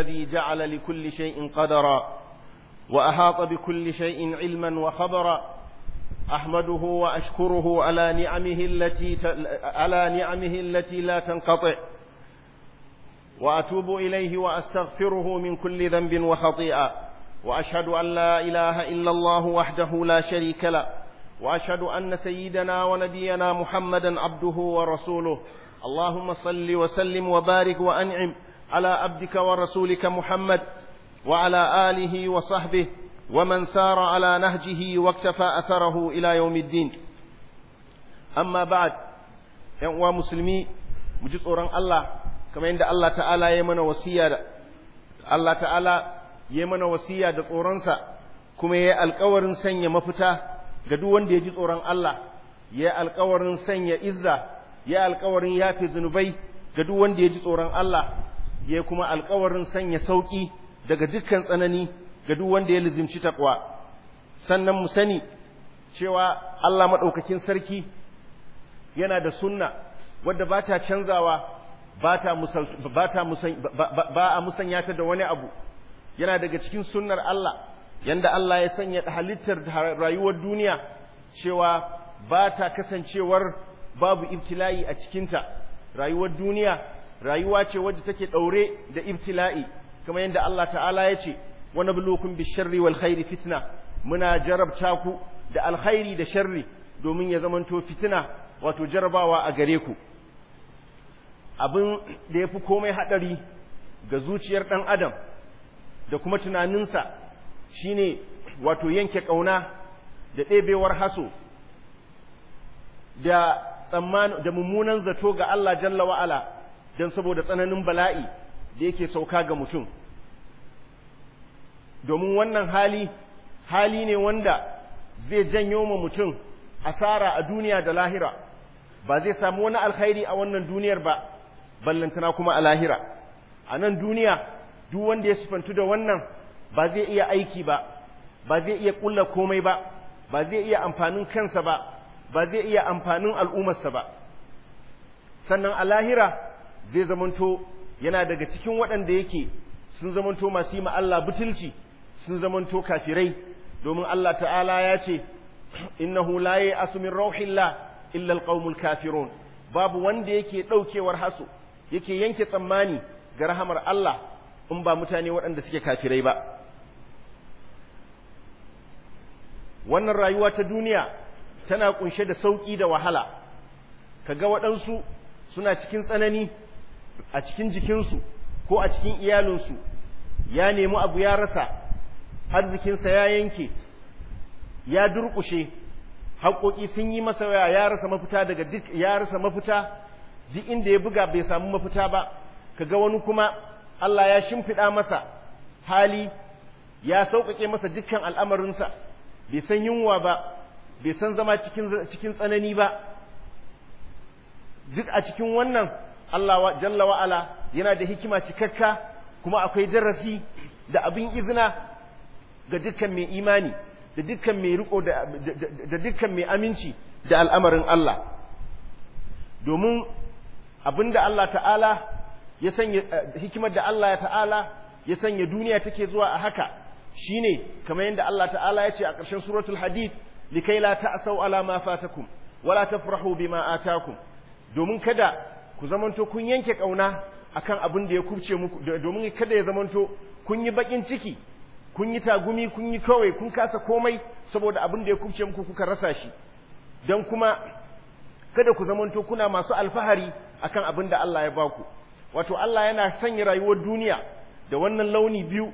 الذي جعل لكل شيء قدرا وأحاط بكل شيء علما وخبرا أحمده وأشكره على نعمه التي ت... على نعمه التي لا تنقطع وأتوب إليه وأستغفره من كل ذنب وخطيئة وأشهد أن لا إله إلا الله وحده لا شريك له وأشهد أن سيدنا ونبينا محمدا عبده ورسوله اللهم صل وسلم وبارك وأنعم على عبدك ورسولك محمد وعلى آله وصحبه ومن سار على نهجه واكتفى أثره إلى يوم الدين أما بعد ينوى مسلمي مجد أوران الله كما عند الله تعالى يمن وسيا الله تعالى يمن وسيا دك أورانسا كما يأى القورن سنة مفتا قدوان دي جد أوران الله يا القورن سنة إزا يا القورن يافي ذنبي قدوان دي جد أوران الله ya kuma alkawarin sanya sauƙi daga dukkan tsanani ga duk wanda ya lizimci taqwa sannan mu sani cewa Allah madaukakin sarki yana da sunna wadda ba ta canzawa ba a musanya ta da wani abu yana daga cikin sunnar Allah yanda Allah ya sanya halittar rayuwar duniya cewa ba ta kasancewar babu ibtila'i a cikinta rayuwar duniya rayuwa ce wadda take daure da ibtila'i kamar yadda Allah ta'ala ya ce wa nabluukum bish-sharri wal khairi fitna muna jarabta ku da alkhairi da sharri domin ya zamanto fitna wato jarabawa a gare ku abin da yafi komai hadari ga zuciyar dan adam da kuma tunaninsa shine wato yanke kauna da ɗebewar haso da tsamman da mummunan zato ga Allah jalla wa'ala don saboda tsananin bala'i da yake sauka ga mutum domin wannan hali hali ne wanda zai janyo ma mutum asara a duniya da lahira ba zai samu wani alkhairi a wannan duniyar ba ballantana kuma a lahira a nan duniya duk wanda ya sifantu da wannan ba zai iya aiki ba ba zai iya kulla komai ba ba zai iya amfanin kansa ba ba zai iya amfanin al'ummarsa ba sannan a lahira zai zamanto yana daga cikin waɗanda yake sun zamanto masu yi Allah butulci sun zamanto kafirai domin Allah ta'ala ya ce innahu la asumin rauhin rauhillah illal alqaumul kafirun babu wanda yake ɗaukewar hasu yake yanke tsammani ga rahamar Allah in ba mutane waɗanda suke kafirai ba wannan rayuwa ta duniya tana kunshe da sauki da wahala kaga waɗansu suna cikin tsanani a cikin jikinsu ko a cikin iyalinsu ya nemi abu ya rasa arzikinsa ya yanke ya durƙushe haƙoƙi sun yi masa waya ya rasa mafita daga duk ya rasa mafita ji inda ya buga bai samu mafita ba kaga wani kuma Allah ya shimfiɗa masa hali ya sauƙaƙe masa dukkan al'amarinsa bai san yunwa ba bai san zama cikin tsanani ba duk a cikin wannan Allah jalla wa'ala yana da hikima cikakka kuma akwai darasi da abin izina ga dukkan mai imani da dukkan mai riko da dukkan mai aminci da al'amarin Allah domin abinda Allah ta'ala ya sanya eh, hikimar da Allah ta'ala ya sanya duniya take zuwa a haka shine kamar yadda Allah ta'ala ya ce a ƙarshen suratul hadid likai la ta'sau ala ma fatakum wala tafrahu bima atakum domin kada ku zamanto kun yanke ƙauna a kan abin da ya kubce muku domin kada ya zamanto kun yi baƙin ciki kun yi tagumi kun yi kawai kun kasa komai saboda abin da ya kubce muku kuka rasa shi Don kuma kada ku zamanto kuna masu alfahari akan abin da Allah ya baku wato Allah yana sanya rayuwar duniya da wannan launi biyu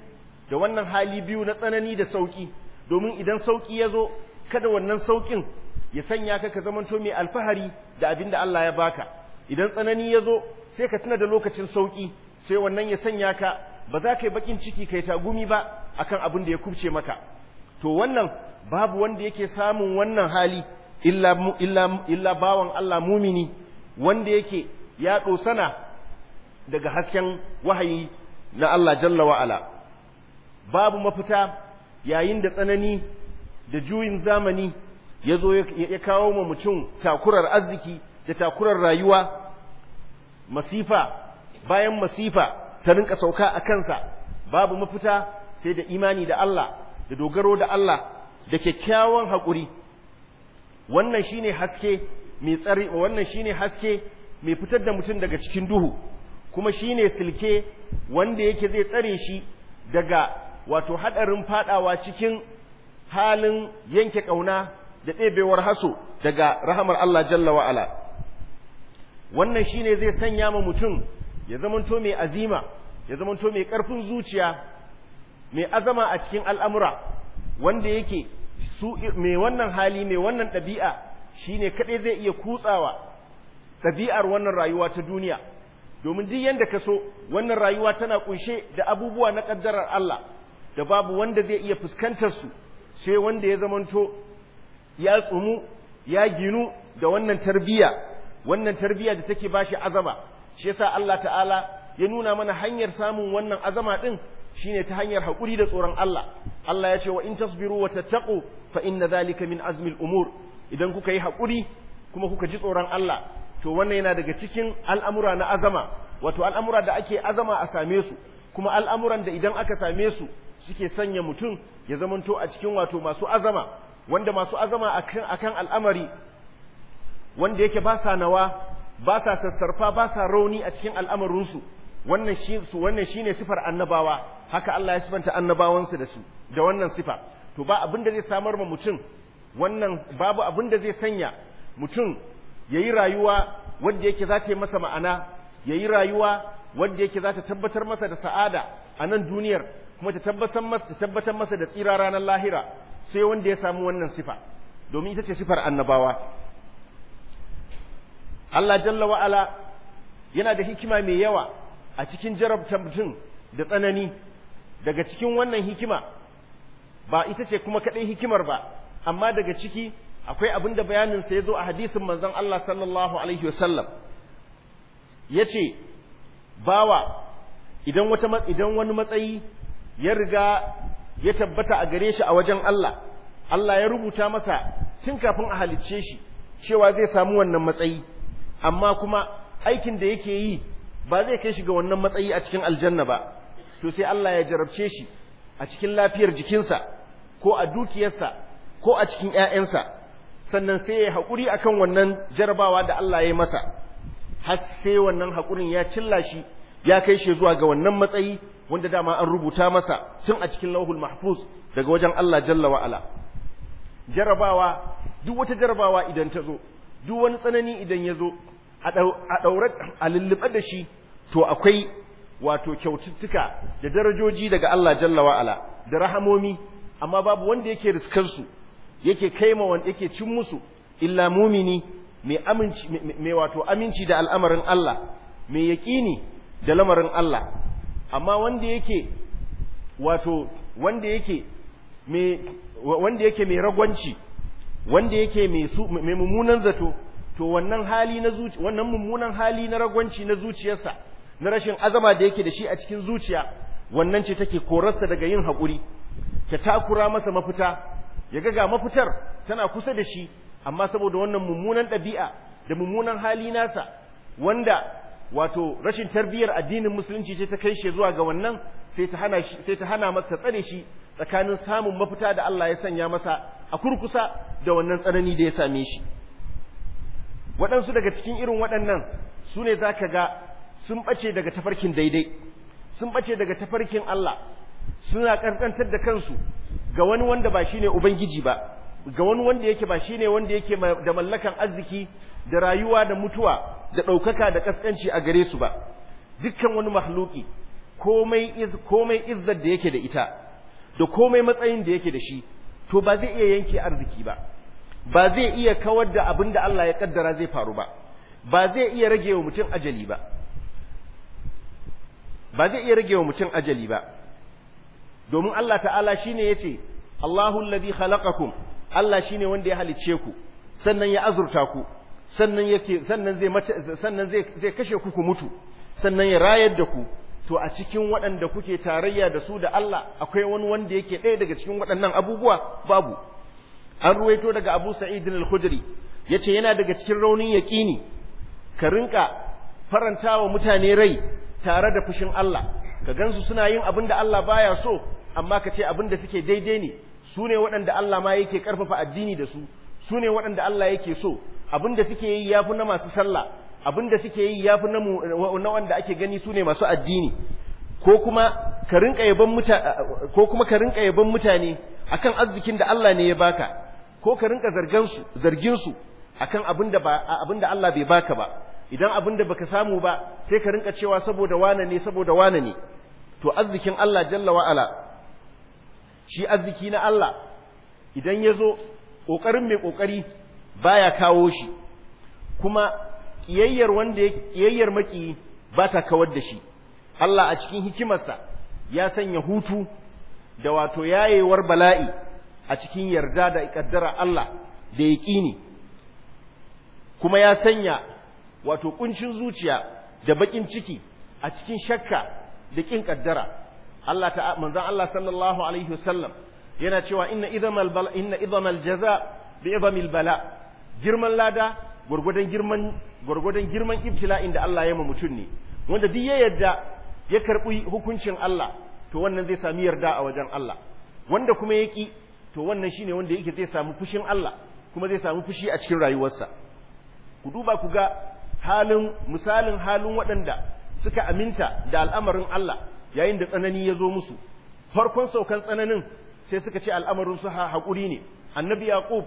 da wannan hali biyu na tsanani da sauki domin idan sauki ya zo kada wannan saukin ya sanya ka ka zamanto mai alfahari da abin da Allah ya baka idan tsanani ya zo sai ka tuna da lokacin sauƙi sai wannan ya sanya ka ba za ka yi baƙin ciki ka yi tagumi ba a kan abin da ya kubce maka to wannan babu wanda yake samun wannan hali illa bawan Allah mumini wanda yake ya ɗosana daga hasken wahayi na Allah jalla wa'ala. babu mafita yayin da tsanani da juyin zamani ya zo ya kawo ma mutum takurar arziki da takurar rayuwa masifa bayan masifa ta rinka sauka a kansa babu mafita sai da imani da Allah da dogaro da Allah da kyakkyawan haƙuri wannan shine haske mai tsari wannan shine haske mai fitar da mutum daga cikin duhu kuma shine silke wanda yake zai tsare shi daga wato hadarin fadawa cikin halin yanke kauna da ɗebewar haso daga rahamar Allah jalla wa'ala wannan shine zai sanya ma mutum ya zamanto mai azima ya zamanto mai karfin zuciya mai azama a cikin al'amura wanda yake su mai wannan hali mai wannan ɗabi'a shine kadai zai iya kutsawa ɗabi'ar wannan rayuwa ta duniya domin duk yanda ka so wannan rayuwa tana kunshe da abubuwa na ƙaddarar Allah da babu wanda zai iya fuskantar su sai wanda ya zamanto ya tsumu ya ginu da wannan tarbiyya wannan tarbiyya da take bashi azama shi yasa Allah ta'ala ya nuna mana hanyar samun wannan azama din shine ta hanyar hakuri da tsoron Allah Allah ya ce wa in tasbiru wa tattaqu fa inna zalika min azmi al-umur idan kuka yi hakuri kuma kuka ji tsoron Allah to wannan yana daga cikin al'amura na azama wato al'amura da ake azama a same su kuma al'amuran da idan aka same su suke sanya mutum ya zamanto a cikin wato masu azama wanda masu azama akan al'amari wanda yake ba sa nawa ba sa sassarfa ba sa rauni a cikin al'amarinsu wannan shi su wannan shine sifar annabawa haka Allah ya sifanta annabawansu da su da wannan sifa to ba abin da zai samar ma mutum wannan babu abin da zai sanya mutum yayi rayuwa wanda yake za ta yi masa ma'ana yayi rayuwa wanda yake za ta tabbatar masa da sa'ada a nan duniyar kuma ta tabbatar masa ta tabbatar masa da tsira ranar lahira sai wanda ya samu wannan sifa domin ita ce sifar annabawa Allah jalla wa'ala yana da hikima mai yawa a cikin jarabta mutum da tsanani daga cikin wannan hikima ba ita ce kuma kaɗai hikimar ba amma daga ciki akwai abin da bayaninsa ya zo a hadisin manzon Allah sallallahu alaihi wasallam ya ce bawa idan idan wani matsayi ya riga ya tabbata a gare shi a wajen Allah Allah ya rubuta masa tun kafin a halicce shi cewa zai samu wannan matsayi amma kuma aikin da yake yi ba zai kai shi ga wannan matsayi a cikin aljanna ba to sai Allah ya jarabce shi a cikin lafiyar jikinsa ko a dukiyarsa ko a cikin ƴaƴansa sannan sai ya haƙuri akan wannan jarabawa da Allah ya yi masa har sai wannan haƙurin ya cilla shi ya kai shi zuwa ga wannan matsayi wanda dama an rubuta masa tun a cikin lauhul mahfuz daga wajen Allah jalla wa'ala jarabawa duk wata jarabawa idan ta zo duk wani tsanani idan ya zo a ɗaure a lullube da shi to akwai wato kyaututtuka da darajoji daga Allah jalla wa'ala da rahamomi amma babu wanda yake riskar su yake kaima wanda yake cin musu illa mumini mai aminci mai wato aminci da al'amarin Allah mai yaqini da lamarin Allah amma wanda yake wato wanda yake mai wanda yake mai ragwanci wanda yake mai mummunan zato to wannan hali na zuci wannan mummunan hali na ragwanci na zuciyarsa na rashin azama da yake da shi a cikin zuciya wannan ce take korarsa daga yin hakuri, ta takura masa mafita ya ga ga mafitar tana kusa da shi amma saboda wannan mummunan ɗabi'a da mummunan hali nasa wanda wato rashin tarbiyyar addinin musulunci ce ta kai shi zuwa ga wannan sai ta hana sai ta hana masa tsare shi tsakanin samun mafita da Allah ya sanya masa a kurkusa da wannan tsanani da ya same shi waɗansu daga cikin irin waɗannan su ne za ka ga sun ɓace daga tafarkin daidai sun ɓace daga tafarkin Allah suna ƙanƙantar da kansu ga wani wanda ba shi ne Ubangiji ba ga wani wanda yake ba shi ne wanda yake da mallakan arziki da rayuwa da mutuwa da ɗaukaka da ƙasƙanci a gare su ba dukkan wani mahluki komai izzar da yake da ita da komai matsayin da yake da shi to ba zai iya yanke arziki ba ba zai iya kawar da abin da Allah ya kaddara zai faru ba ba zai iya rage wa mutum ajali ba ba zai iya rage wa mutum ajali ba domin Allah ta'ala shine yace Allahu alladhi khalaqakum Allah shine wanda ya halice ku sannan ya azurta ku sannan zai zai kashe ku ku mutu sannan ya rayar da ku to a cikin waɗanda kuke tarayya da su da Allah akwai wani wanda yake ɗaya daga cikin waɗannan abubuwa babu an ruwaito daga Abu Sa'id al-Khudri yace yana daga cikin raunin yaqini ka rinka farantawa mutane rai tare da fushin Allah ka gansu suna yin abin da Allah baya so amma ka ce abin da suke daidai ne su ne waɗanda Allah ma yake ƙarfafa addini da su su ne waɗanda Allah yake so abin da suke yi yafi na masu sallah Abin da suke yi ya fi na wanda ake gani su ne masu addini ko kuma ka rinka yaban mutane a kan akan arzikin da Allah ne ya baka ko ka rinka zarginsu a kan akan abinda Allah bai baka ba idan abinda baka samu ba sai ka rinka cewa saboda wane ne saboda wane ne to arzikin Allah jalla wa'ala, shi arziki na Allah idan ya zo ƙoƙarin mai ƙoƙari baya kawo shi kuma kiyayyar wanda ya kiyayyar maki ba ta kawar da shi Allah a cikin hikimarsa ya sanya hutu da wato yayewar bala'i a cikin yarda da kaddara Allah da yaqini kuma ya sanya wato kuncin zuciya da bakin ciki a cikin shakka da kin kaddara Allah ta manzon Allah sallallahu alaihi wasallam yana cewa inna idhamal bala inna idhamal jaza bi idhamil bala girman lada gurgudan girman gwargwadon girman ibtila'in da Allah ya ma mutum ne wanda duk ya yarda ya karɓi hukuncin Allah to wannan zai sami yarda a wajen Allah wanda kuma ya ƙi to wannan shine wanda yake zai samu fushin Allah kuma zai samu fushi a cikin rayuwarsa ku duba ku ga halin misalin halin waɗanda suka aminta da al'amarin Allah yayin da tsanani ya zo musu farkon saukan tsananin sai suka ce al'amarin su haƙuri ne annabi yaqub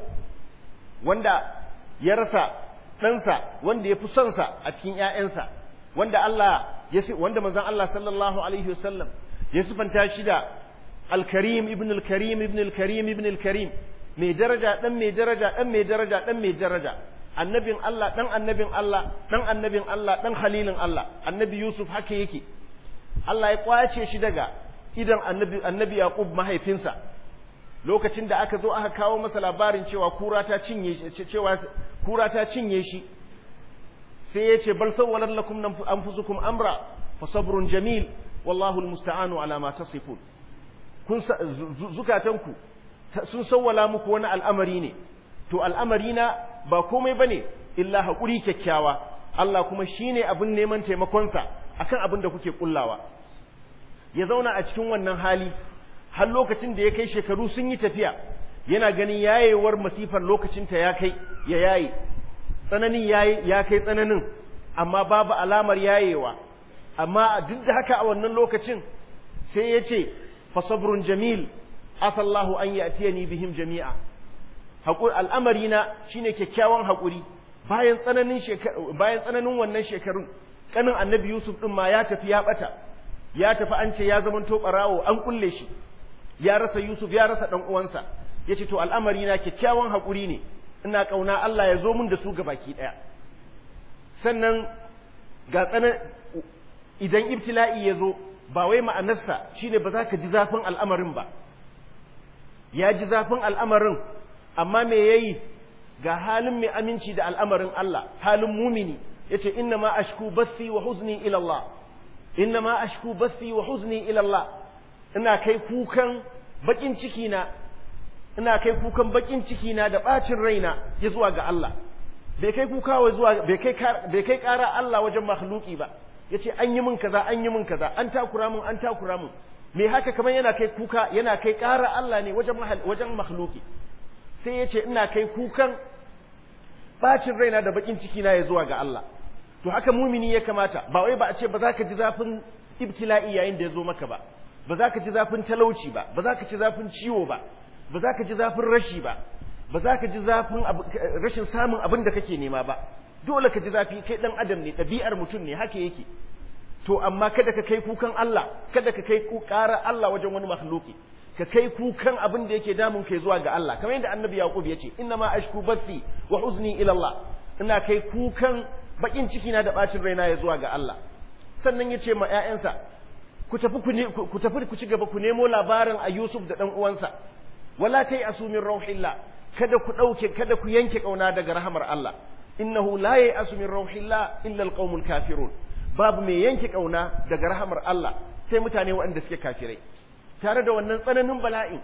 wanda ya rasa ɗansa wanda ya fi sonsa a cikin ‘ya'yansa wanda Allah ya wanda manzon Allah sallallahu alaihi wasallam ya sifanta shi da Alkarim ibn alkarim ibn alkarim ibn alkarim mai daraja dan mai daraja dan mai daraja dan mai daraja annabin Allah ɗan annabin Allah ɗan annabin Allah ɗan halilin Allah annabi Yusuf haka yake Allah ya kwace shi daga idan annabi annabi Yaqub mahaifinsa lokacin da aka zo aka kawo masa labarin cewa kura ta cinye shi cewa kura ta cinye shi sai ya ce bal sawwalan lakum anfusukum amra fa sabrun jamil wallahu almusta'anu ala ma tasifun kun zukatanku sun sawwala muku wani al'amari ne to al'amari na ba komai bane illa hakuri kyakkyawa Allah kuma shine abin neman taimakonsa akan abin da kuke kullawa ya zauna a cikin wannan hali har lokacin da ya kai shekaru sun yi tafiya yana ganin yayewar masifar lokacinta ya kai ya yaye tsananin ya kai tsananin amma babu alamar yayewa amma duk da haka a wannan lokacin sai ya ce fasabrun jamil asallahu an yatiyani bihim jami'a haƙuri al'amari na shine kyakkyawan haƙuri bayan tsananin bayan tsananin wannan shekarun kanin annabi yusuf din ma ya tafi ya bata ya tafi an ce ya zamanto barawo an kulle shi ya rasa Yusuf ya rasa ɗan uwansa ya ce to al'amari na kyakkyawan hakuri ne ina ƙauna Allah ya zo mun da su gabaki ɗaya sannan ga tsana idan ibtila'i ya zo ba wai ma'anarsa shine ba za ka ji zafin al'amarin ba ya ji zafin al'amarin amma me yayi ga halin mai aminci da al'amarin Allah halin mumini yace inna ma ashku bathi wa huzni ila ashku bathi wa huzni ila ina kai kukan bakin ciki na ina kai kukan bakin ciki na da bacin raina ya zuwa ga Allah bai kai kuka wa zuwa bai kai bai kai ƙara Allah wajen makhluki ba yace an yi min kaza an yi min kaza an takura min an takura min me haka kamar yana kai kuka yana kai ƙara Allah ne wajen wajen makhluki sai yace ina kai kukan bacin raina da bakin ciki na ya zuwa ga Allah to haka mumini ya kamata ba wai ba a ce ba za ka ji zafin ibtila'i yayin da ya zo maka ba ba za ka ji zafin talauci ba ba za ka ji zafin ciwo ba ba za ka ji zafin rashi ba ba za ka ji zafin rashin samun abin da kake nema ba dole ka ji zafi kai dan adam ne ɗabi'ar mutum ne haka yake to amma kada ka kai kukan Allah kada ka kai kara Allah wajen wani makhluki ka kai kukan abin da yake damun kai zuwa ga Allah kamar yadda annabi yaqub ya ce inna ma ashku bathi wa huzni ila Allah ina kai kukan bakin ciki na da bacin raina ya zuwa ga Allah sannan ya ce ma ƴaƴansa ku tafi ku ci gaba ku nemo labarin a Yusuf da ɗan uwansa wala yi asumin rauhilla, kada ku ɗauke, kada ku yanke ƙauna daga rahamar Allah innahu la yai asumin rauhilla illa alƙaumul kafirun babu mai yanke ƙauna daga rahamar Allah sai mutane waɗanda suke kafirai tare da wannan tsananin bala'i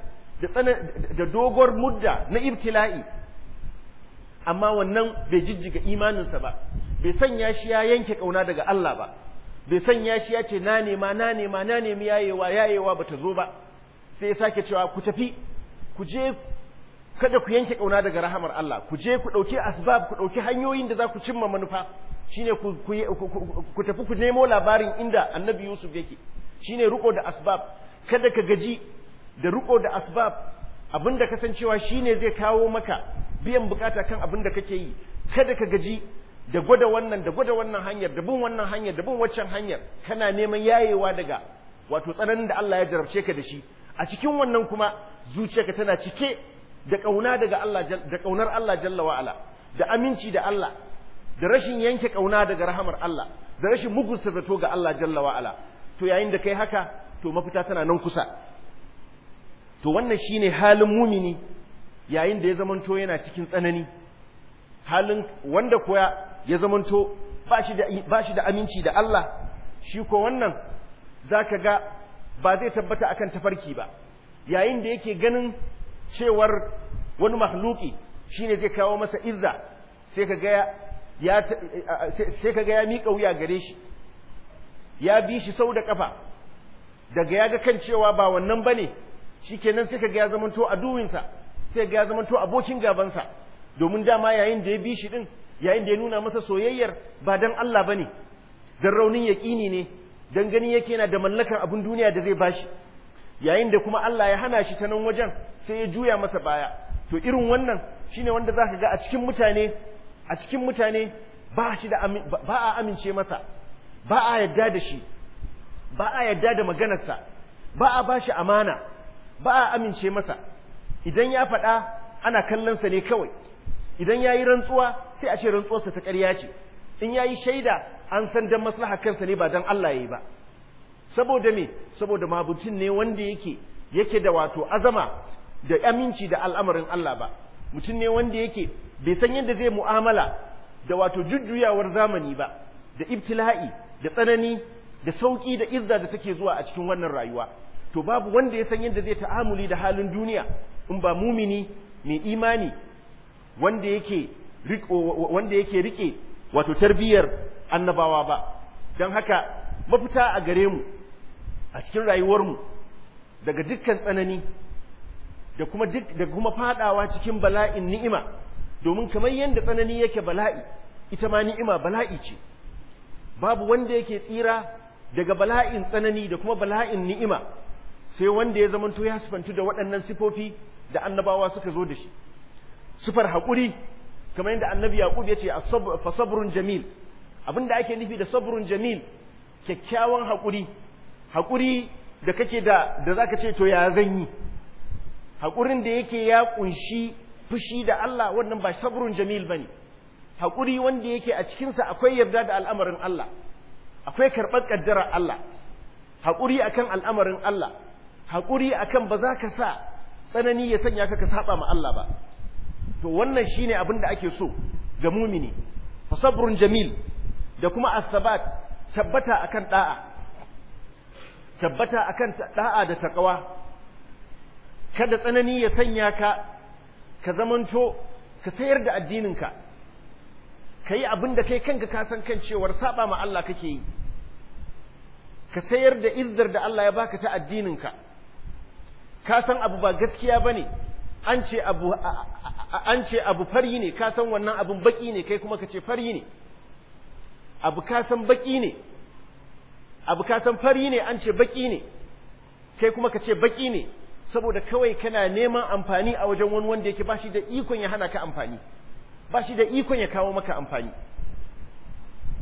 da dogor mudda na ibtila'i amma wannan bai jijjiga imaninsa ba bai sanya shi ya yanke ƙauna daga Allah ba bai sanya shi ya ce na nema na nema na nemi yayewa yayewa bata zo ba sai ya sake cewa ku tafi ku je kada ku yanke kauna daga rahamar Allah ku je ku dauki asbab ku dauki hanyoyin da za ku cimma manufa shine ku ku tafi ku nemo labarin inda annabi Yusuf yake shine ruko da asbab kada ka gaji da ruko da asbab abinda kasancewa shine zai kawo maka biyan bukata kan abinda kake yi kada ka gaji da gwada wannan da gwada wannan hanyar da bin wannan hanyar da bin waccan hanyar kana neman yayewa daga wato tsananin da Allah ya jarabce ka da shi a cikin wannan kuma zuciyarka tana cike da kauna daga Allah da kaunar Allah jalla wa da aminci da Allah da rashin yanke ƙauna daga rahamar Allah da rashin mugunta zato ga Allah jalla wa to yayin da kai haka to mafita tana nan kusa to wannan shine halin mumini yayin da ya zamanto yana cikin tsanani halin wanda koya ya zamanto ba shi da aminci da Allah shi ko wannan za ka ga ba zai tabbata akan tafarki ba yayin da yake ganin cewar wani mahluki shine zai kawo masa izza sai ka ga ya miƙa wuya gare shi ya bi shi sau da kafa daga ya ga kan cewa ba wannan ba ne bane kenan sai ka ga ya a duwinsa sai ga ya zamanto abokin gabansa domin dama yayin da ya bi shi din yayin da ya nuna masa soyayyar ba dan Allah bane dan raunin yaqini ne dan gani yake yana da mallakar abun duniya da zai bashi yayin da kuma Allah ya hana shi ta nan wajen sai ya juya masa baya to irin wannan shine wanda zaka ga a cikin mutane a cikin mutane ba shi da ba a amince masa ba a yadda da shi ba a yadda da maganarsa ba a bashi amana ba a amince masa idan ya faɗa ana kallonsa ne kawai idan ya yi rantsuwa sai a ce rantsuwarsa ta ƙarya ce in ya yi shaida an san dan maslaha kansa ne ba dan Allah ya yi ba saboda me saboda mabutin ne wanda yake yake da wato azama da aminci da al'amarin Allah ba mutum ne wanda yake bai san yadda zai mu'amala da wato jujjuyawar zamani ba da ibtila'i da tsanani da sauki da izza da take zuwa a cikin wannan rayuwa to babu wanda ya san yadda zai ta'amuli da halin duniya in ba mumini mai imani wanda yake wanda yake rike wato tarbiyyar annabawa ba don haka mafita a gare mu a cikin rayuwar mu daga dukkan tsanani da kuma duk da kuma fadawa cikin bala'in ni'ima domin kamar yadda tsanani yake bala'i ita ma ni'ima bala'i ce babu wanda yake tsira daga bala'in tsanani da kuma bala'in ni'ima sai wanda ya zamanto ya sifantu da waɗannan sifofi da annabawa suka zo da shi sifar haƙuri kamar yadda annabi yaqub ya ce fa sabrun jamil abinda ake nufi da sabrun jamil kyakkyawan haƙuri haƙuri da kake da da ka ce to ya zan yi haƙurin da yake ya ƙunshi fushi da Allah wannan ba sabrun jamil ba ne. haƙuri wanda yake a cikinsa akwai yarda da al'amarin Allah akwai karɓar ƙaddarar Allah haƙuri akan al'amarin Allah haƙuri akan ba za ka sa tsanani ya sanya ka ka saba ma Allah ba to wannan shine abin da ake so ga mumini fasabrun jamil da kuma asabat tabbata akan da'a tabbata akan da'a da taqwa kada tsanani ya sanya ka ka zamanto ka sayar da addininka ka yi abin da kai kanka ka san kan cewar saba ma Allah kake yi ka sayar da izzar da Allah ya baka ta addininka ka san abu ba gaskiya bane an ce abu an ce abu fari ne ka san wannan abin baki ne kai kuma ka ce fari ne abu ka san baki ne abu ka san fari ne an ce baki ne kai kuma ka ce baki ne saboda kawai kana neman amfani a wajen wani wanda yake bashi da ikon ya hana ka amfani bashi da ikon ya kawo maka amfani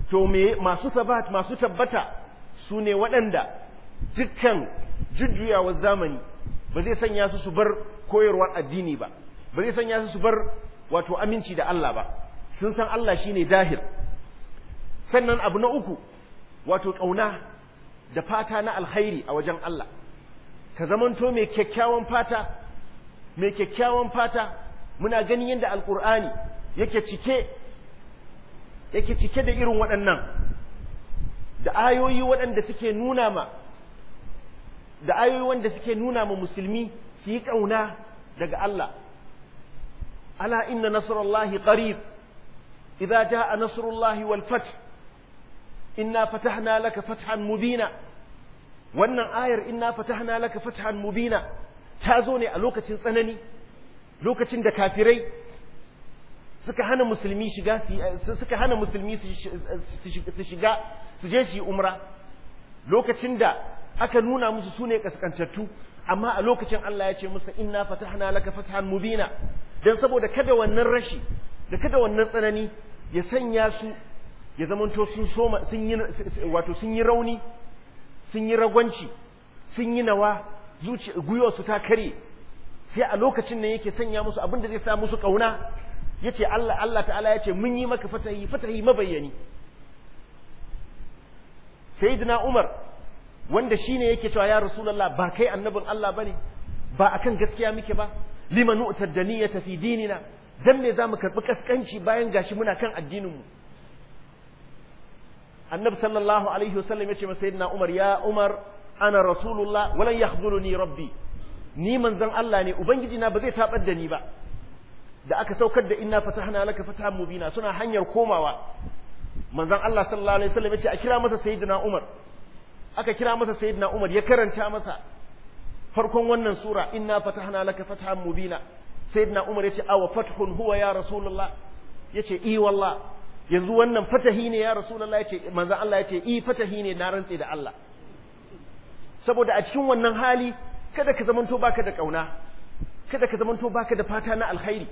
to me masu sabat masu tabbata su ne waɗanda dukkan jujjuyawar zamani ba zai sanya su su bar koyarwar addini ba ba zai sanya su bar wato aminci da Allah ba sun san Allah shine dahir sannan abu na uku wato ƙauna da fata na alkhairi a wajen Allah ka zamanto mai kyakkyawan fata mai kyakkyawan fata muna ganin yadda alkur'ani yake cike yake cike da irin waɗannan da ayoyi waɗanda suke nuna ma da ayoyi wanda suke nuna ma musulmi su yi ƙauna daga Allah ala inna nasrullahi qarib idza jaa nasrullahi wal fath inna fatahna laka fathan mubina wannan ayar inna fatahna laka fathan mubina ta zo ne a lokacin tsanani lokacin da kafirai suka hana musulmi shiga suka hana musulmi su shiga su je shi umra lokacin da aka nuna musu sune kaskantattu amma a lokacin Allah ya ce musu inna fatahna laka fathan mubina don saboda kada wannan rashi da kada wannan tsanani ya sanya su ya zamanto sun soma yi wato sun yi rauni sun yi ragwanci sun yi nawa zuciya su ta kare sai a lokacin nan yake sanya musu abin da zai sa musu kauna yace Allah Allah ta'ala yace mun yi maka fatahi fatahi mabayyani sayyidina Umar wanda shine yake cewa ya Rasulullah ba kai annabin Allah bane ba akan gaskiya muke ba liman nu'tar daniyata fi dinina dan me zamu karbi kaskanci bayan gashi muna kan addinin mu annabi sallallahu alaihi wasallam yace ma sayyidina umar ya umar ana rasulullah walan rabbi ni manzon Allah ne ubangiji na ba zai tabar da ni ba da aka saukar da inna fatahna laka fatahan mubina suna hanyar komawa manzon Allah sallallahu alaihi wasallam yace a kira masa sayyidina umar aka kira masa sayyidina umar ya karanta masa farkon wannan sura inna fatahna laka fathan mubina sayyidina umar yace awa fathun huwa ya rasulullah yace i e, wallah yanzu wannan fatahi ne ya rasulullah yace manzo Allah yace i e, fatahi ne na rantsi da Allah saboda a cikin wannan hali kada ka zamanto baka da kauna kada ka zamanto baka da fata na alkhairi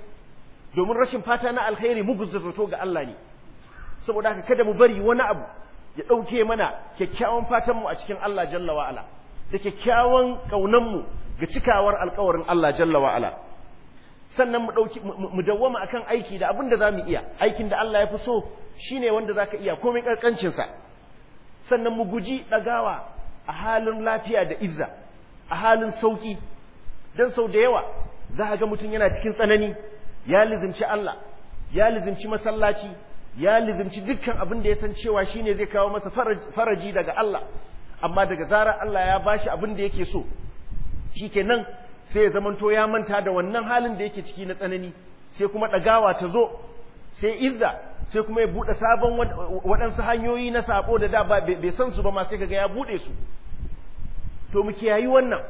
domin rashin fata na alkhairi muguzzato ga Allah ne saboda haka kada mu bari wani abu ya dauke mana kyakkyawan fatan mu a cikin Allah jalla wa ala da kyakkyawan ƙaunanmu ga cikawar alkawarin Allah jalla wa'ala sannan mu dauki mu dawwama akan aiki da abin da za iya aikin da Allah ya fi so shine wanda za ka iya komai sa sannan mu guji ɗagawa a halin lafiya da izza a halin sauki don sau da yawa za a ga mutum yana cikin tsanani ya lizimci Allah ya lizimci masallaci ya lizimci dukkan abin da ya san cewa shine zai kawo masa faraji daga Allah amma daga zarar Allah ya bashi abin da yake so shikenan sai ya zamanto ya manta da wannan halin da yake ciki na tsanani sai kuma ɗagawa ta zo sai izza sai kuma ya buɗe sabon waɗansu hanyoyi na sabo da da bai san su ba ma sai kaga ya buɗe su to mu kiyayi wannan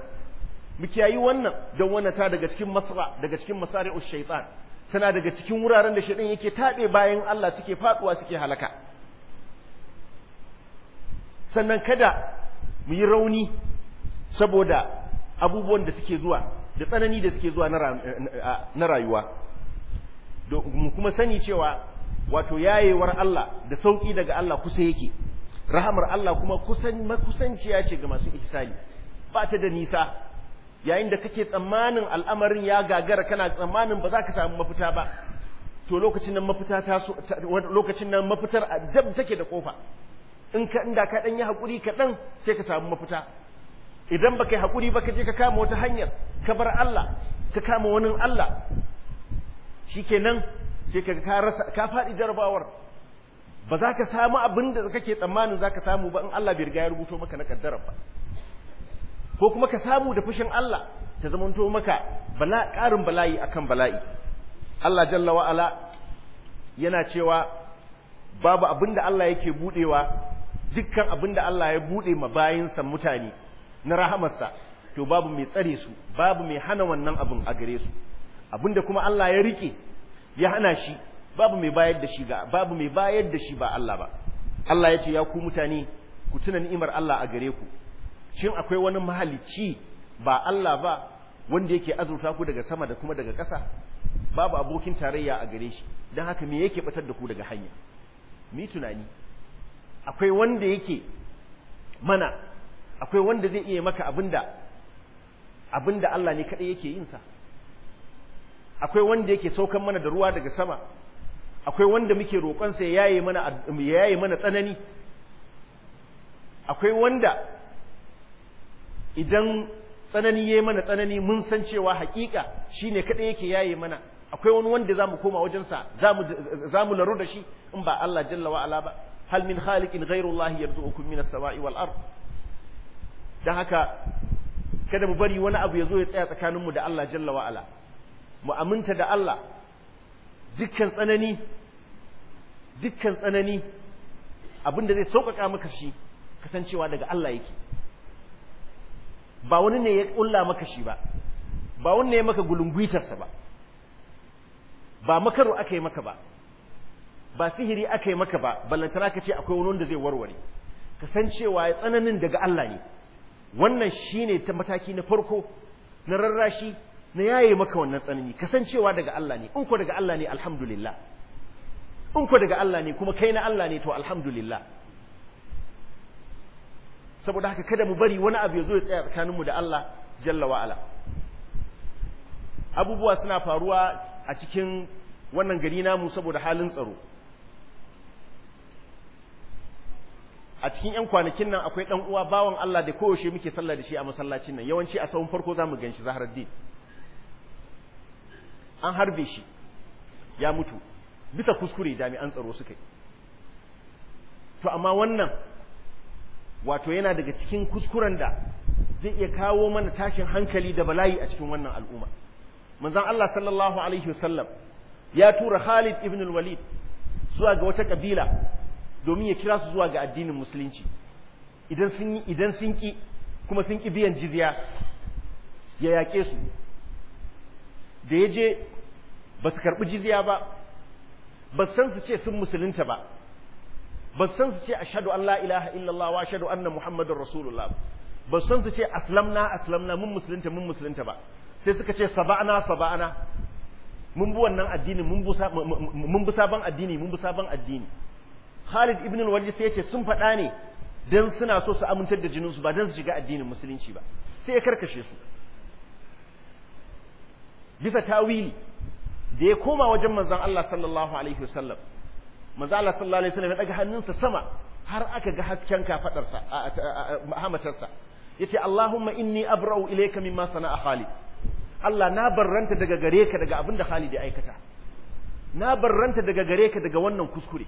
mu kiyayi wannan don wannan ta daga cikin masra daga cikin masari'ush shaitan tana daga cikin wuraren da shaɗin yake tabe bayan Allah suke faduwa suke halaka sannan kada mu yi rauni saboda abubuwan da suke zuwa da tsanani da suke zuwa na eh, rayuwa mu kuma sani cewa wato yayewar Allah da sauki daga Allah kusa yake rahamar Allah kuma kusan makusanciya ce ga masu ihsani ba ta da nisa yayin da kake tsammanin al'amarin ya gagara kana tsammanin ba za ka samu mafita ba to lokacin nan mafita ta lokacin nan mafitar dab take da kofa in ka inda ka dan yi hakuri kaɗan sai ka samu mafita idan baka yi hakuri ba ka je ka kama wata hanyar ka bar Allah ka kama wani Allah shi shikenan sai ka rasa ka faɗi jarabawar ba za ka samu abin da kake tsammanin za ka samu ba in Allah bai riga ya rubuto maka na kaddarar ba ko kuma ka samu da fushin Allah ta zamanto maka bala ƙarin bala'i akan bala'i Allah jalla wa'ala yana cewa babu abin da Allah yake budewa dukkan abin da Allah ya buɗe ma bayinsa mutane na rahamarsa to babu mai tsare su babu mai hana wannan abin a gare su abin da kuma Allah ya rike ya hana shi babu mai bayar da shi ga babu mai bayar da shi ba Allah ba Allah ya ce ya ku mutane ku tuna ni'imar Allah a gare ku shin akwai wani mahalicci ba Allah ba wanda yake azurta ku daga sama da kuma daga ƙasa babu abokin tarayya a gare shi don haka me yake batar da ku daga hanya mi tunani akwai wanda yake mana akwai wanda zai iya maka abinda abinda Allah ne kadai yake yin sa akwai wanda yake saukan mana da ruwa daga sama akwai wanda muke roƙon sa yaye mana yaye mana tsanani akwai wanda idan tsanani yayi mana tsanani mun san cewa hakika shine kadai yake yaye mana akwai wani wanda zamu koma wajensa zamu zamu laro da shi in ba Allah jalla wa ala ba hal min khaliqin ghairullahi yarzuqukum minas sama'i wal ard dan haka kada mu bari wani abu ya zo ya tsaya tsakanin mu da Allah jalla wa ala mu aminta da Allah dukkan tsanani dukkan tsanani abinda zai sauƙaƙa maka shi kasancewa daga Allah yake ba wani ne ya ƙulla maka shi ba ba wani ne ya maka gulungwitarsa ba ba makaru aka yi maka ba ba sihiri aka yi maka ba ballantana ka ce akwai wani wanda zai warware kasancewa ya tsananin daga Allah ne wannan shine ta mataki na farko na rarrashi na yaye maka wannan tsanani kasancewa daga Allah ne in ko daga Allah ne alhamdulillah in ko daga Allah ne kuma kai na Allah ne to alhamdulillah saboda haka kada mu bari wani abu ya zo ya tsaya tsakaninmu da Allah jalla wa'ala abubuwa suna faruwa a cikin wannan gari namu saboda halin tsaro a cikin ƴan kwanakin nan akwai ɗan uwa bawan Allah da koyaushe muke sallah da shi a masallacin nan yawanci a sahun farko zamu ganshi din. an harbe shi ya mutu bisa kuskure jami'an tsaro suka yi to amma wannan wato yana daga cikin kuskuren da zai iya kawo mana tashin hankali da bala'i a cikin wannan al'umma manzon Allah sallallahu alaihi wasallam ya tura Khalid ibn al-Walid zuwa ga wata kabila domin ya kira su zuwa ga addinin musulunci idan sun yi idan sun ki kuma sun ki biyan jizya ya yaƙe su da ya je ba su karɓi jizya ba ba san su ce sun musulunta ba ba san su ce ashhadu an la ilaha illallah wa ashhadu anna muhammadar rasulullah ba san su ce aslamna aslamna mun musulunta mun musulunta ba sai suka ce saba'ana saba'ana mun bi wannan addini mun bi sabon addini mun bi sabon addini Khalid ibn al-Walid sai yace sun faɗa ne dan suna so su amintar da jinin su ba dan su shiga addinin musulunci ba sai ya karkashe su bisa tawili da ya koma wajen manzon Allah sallallahu alaihi wasallam manzon Allah sallallahu alaihi wasallam ya daga hannunsa sama har aka ga hasken kafadarsa hamatarsa yace Allahumma inni abra'u ilayka mimma sana'a Khalid Allah na barranta daga gare ka daga abin da Khalid ya aikata na barranta daga gare ka daga wannan kuskure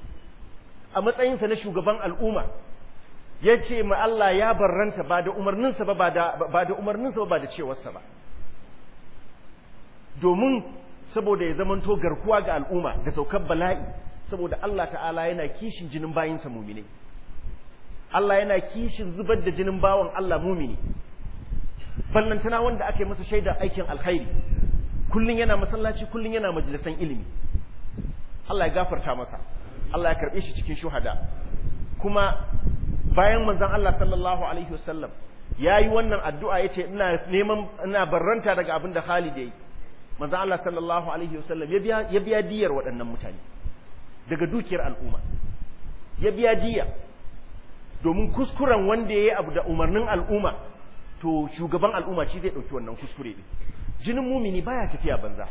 a matsayinsa na shugaban al'umma ya ce ma Allah ya barranta ba da umarninsa ba ba da umarninsa ba ba da cewarsa ba domin saboda ya zamanto garkuwa ga al'umma da saukar bala'i saboda Allah ta'ala yana kishin jinin bayinsa mumine Allah yana kishin zubar da jinin bawan Allah mumini ballantana wanda aka yi masa shaidar aikin alkhairi kullun yana masallaci kullun yana majalisan ilimi Allah ya gafarta masa Allah ya karbe shi cikin shuhada kuma bayan manzon Allah sallallahu alaihi wasallam yayi wannan addu'a yace ina neman ina barranta daga abin da Khalid yayi manzon Allah sallallahu alaihi wasallam ya biya ya biya diyar waɗannan mutane daga dukiyar al'umma ya biya diya domin kuskuren wanda yayi abu da umarnin al'umma to shugaban al'umma shi zai dauki wannan kuskure din jinin mumini baya tafiya banza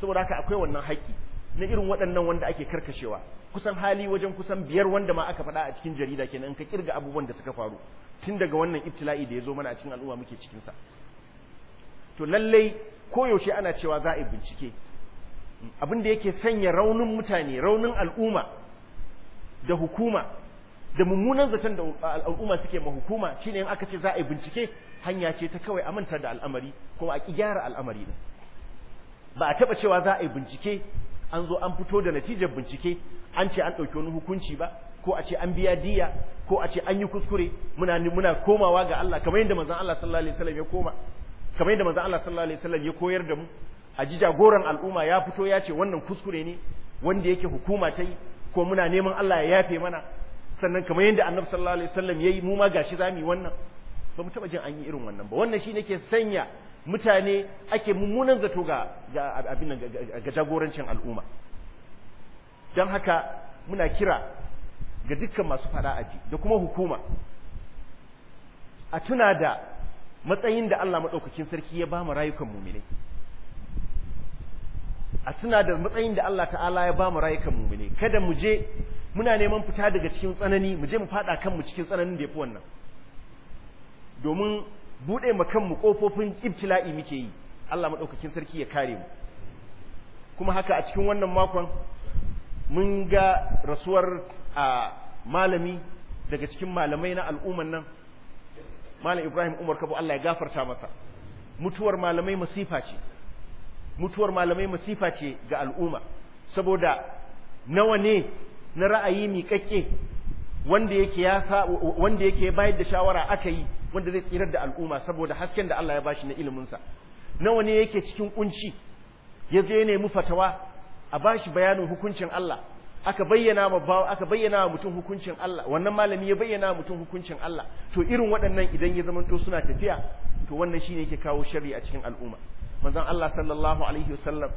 saboda haka akwai wannan haƙƙi na irin waɗannan wanda ake karkashewa kusan hali wajen kusan biyar wanda ma aka faɗa a cikin jarida kenan ka kirga abubuwan da suka faru tun daga wannan ibtila'i da ya zo mana a cikin al'umma muke cikin sa to lallai koyaushe ana cewa za a bincike abin da yake sanya raunin mutane raunin al'umma da hukuma da mummunan zaton da al'umma suke ma hukuma shine in aka ce za a bincike hanya ce ta kawai amintar da al'amari kuma a ki gyara al'amari ne ba a taba cewa za a yi bincike an zo an fito da natijar bincike an ce an ɗauki wani hukunci ba ko a ce an biya diya ko a ce an yi kuskure muna muna komawa ga Allah kamar yadda manzon Allah sallallahu alaihi wasallam ya koma kamar yadda manzon Allah sallallahu alaihi wasallam ya koyar da mu a ji jagoran al'umma ya fito ya ce wannan kuskure ne wanda yake hukuma ta yi ko muna neman Allah ya yafe mana sannan kamar yadda annabi sallallahu alaihi wasallam yayi mu ma gashi zamu yi wannan ba mu taba jin an yi irin wannan ba wannan shi nake sanya mutane ake mummunan zato ga abin ga jagorancin al'umma don haka muna kira ga dukkan masu fada aji da kuma hukuma a tuna da matsayin da Allah maɗaukakin sarki ya ba mu rayukan mummune a tuna da matsayin da Allah ta'ala ya ba mu rayukan muminai kada mu je muna neman fita daga cikin tsanani mu je mu fada kanmu cikin tsananin da ya fi wannan domin Buɗe ma kanmu kofofin ibtila'i muke yi Allah madaukakin sarki ya kare mu kuma haka a cikin wannan makon mun ga rasuwar a malami daga cikin malamai na al'umman nan malam Ibrahim Umar Kabo Allah ya gafarta masa mutuwar malamai masifa ce mutuwar malamai masifa ce ga al'umma saboda nawa ne na ra'ayi miƙaƙƙe wanda ya wanda yake bayar da shawara aka yi wanda zai tsirar da al'umma saboda hasken da Allah ya bashi na iliminsa nawa ne yake cikin kunci ya zo ya nemi fatawa a bashi bayanin hukuncin Allah aka bayyana ma bawa aka bayyana wa mutum hukuncin Allah wannan malami ya bayyana mutum hukuncin Allah to irin waɗannan idan ya zamanto suna tafiya to wannan shine yake kawo sharri a cikin al'umma manzon Allah sallallahu alaihi wasallam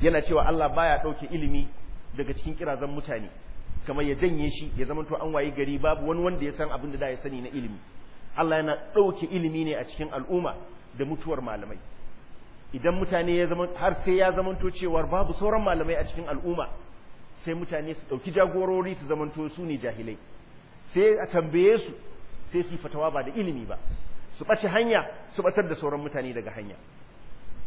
yana cewa Allah baya dauke ilimi daga cikin kirazan mutane kamar ya janye shi ya zamanto an wayi gari babu wani wanda ya san abin da da ya sani na ilimi Allah yana ɗauke ilimi ne a cikin al'umma da mutuwar malamai idan mutane har sai ya zamanto cewar babu sauran malamai a cikin al'umma sai mutane su ɗauki jagorori su zamanto su ne jahilai sai a tambaye su sai su fatawa ba da ilimi ba su ɓace hanya su ɓatar da sauran mutane daga hanya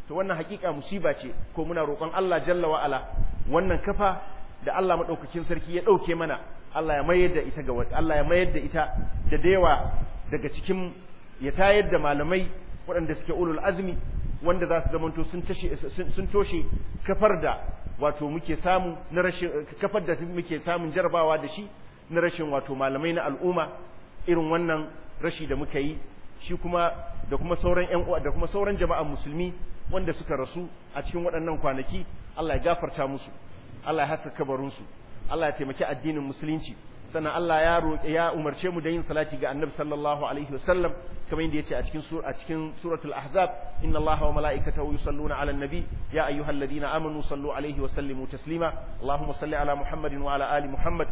to wannan hakika musiba ce ko muna roƙon Allah jalla wa ala wannan kafa da Allah madaukakin sarki ya ɗauke mana Allah ya mayar da ita ga Allah ya mayar da ita da da daga cikin ya tayar da malamai waɗanda suke ulul azumi wanda za su zamanto sun toshe kafar da wato muke samu na rashin kafar da muke samun jarabawa da shi na rashin wato malamai na al'umma irin wannan rashi da muka yi shi kuma da kuma sauran ƴan uwa da kuma sauran jama'an musulmi wanda suka rasu a cikin waɗannan kwanaki Allah ya gafarta musu Allah ya haska kabarin su Allah ya taimaki addinin musulunci sannan Allah ya roƙe ya umarce mu da yin salati ga Annabi sallallahu alaihi wasallam kamar yadda yace a cikin a cikin suratul ahzab inna Allaha wa mala'ikatahu yusalluna 'alan nabi ya ayyuhalladhina amanu sallu alaihi wa sallimu taslima Allahumma salli ala Muhammadin wa ala ali Muhammad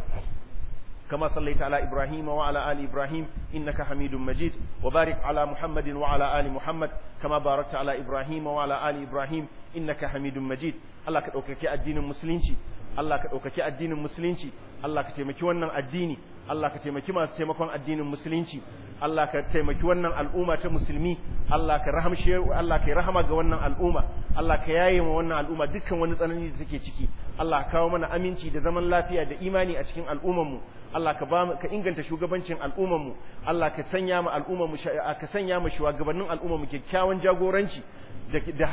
كما صليت على إبراهيم وعلى آل إبراهيم إنك حميد مجيد وبارك على محمد وعلى آل محمد كما باركت على إبراهيم وعلى آل إبراهيم إنك حميد مجيد الله كدوكك الدين المسلمين Allah ka ɗaukaki addinin musulunci Allah ka taimaki wannan addini Allah ka taimaki masu taimakon addinin musulunci Allah ka taimaki wannan al'umma ta musulmi Allah ka rahamshe Allah ka rahama ga wannan al'umma Allah ka yaye wa wannan al'umma dukkan wani tsanani da suke ciki Allah ka kawo mana aminci da zaman lafiya da imani a cikin al'ummar mu Allah ka ba ka inganta shugabancin al'ummar mu Allah ka sanya mu al'ummar mu ka sanya mu shugabannin al'ummar mu kyakkyawan jagoranci da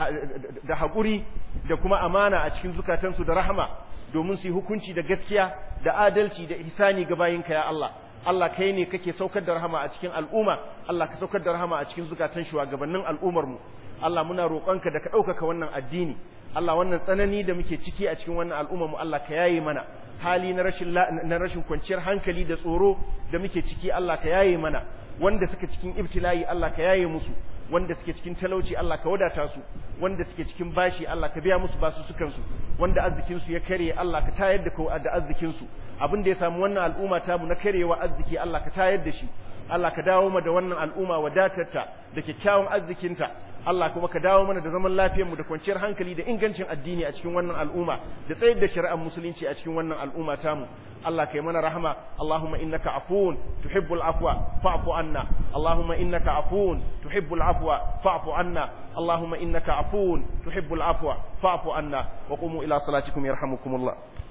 da haƙuri da kuma amana a cikin zukatansu da rahama domin su yi hukunci da gaskiya da adalci da ihsani ga bayinka ya Allah Allah kai ne kake saukar da rahama a cikin al'umma Allah ka saukar da rahama a cikin zukatan shugabannin al'ummar mu Allah muna roƙonka da ka ɗaukaka wannan addini Allah wannan tsanani da muke ciki a cikin wannan al'umma mu Allah ka yaye mana hali na rashin na rashin kwanciyar hankali da tsoro da muke ciki Allah ka yaye mana wanda suka cikin ibtila'i Allah ka yaye musu wanda suke cikin talauci Allah ka wadata su wanda suke cikin bashi Allah ka biya musu basu sukan su wanda arzikin su ya kare Allah ka tayar da ko da arzikin su abin da ya samu wannan al'umma ta mu na karewa arziki Allah ka tayar da shi Allah ka dawo mu da wannan al'umma wadatarta da kyakkyawan arzikinta Allah kuma ka dawo mana da zaman lafiyar mu da kwanciyar hankali da ingancin addini a cikin wannan al'umma da tsayar da shari'ar musulunci a cikin wannan al'umma tamu Allah kai mana rahama Allahumma innaka afuwun tuhibbul afwa fa'fu anna Allahumma innaka afuwun tuhibbul afwa fa'fu anna Allahumma innaka afuwun tuhibbul afwa fa'fu anna wa qumu ila salatikum yarhamukumullah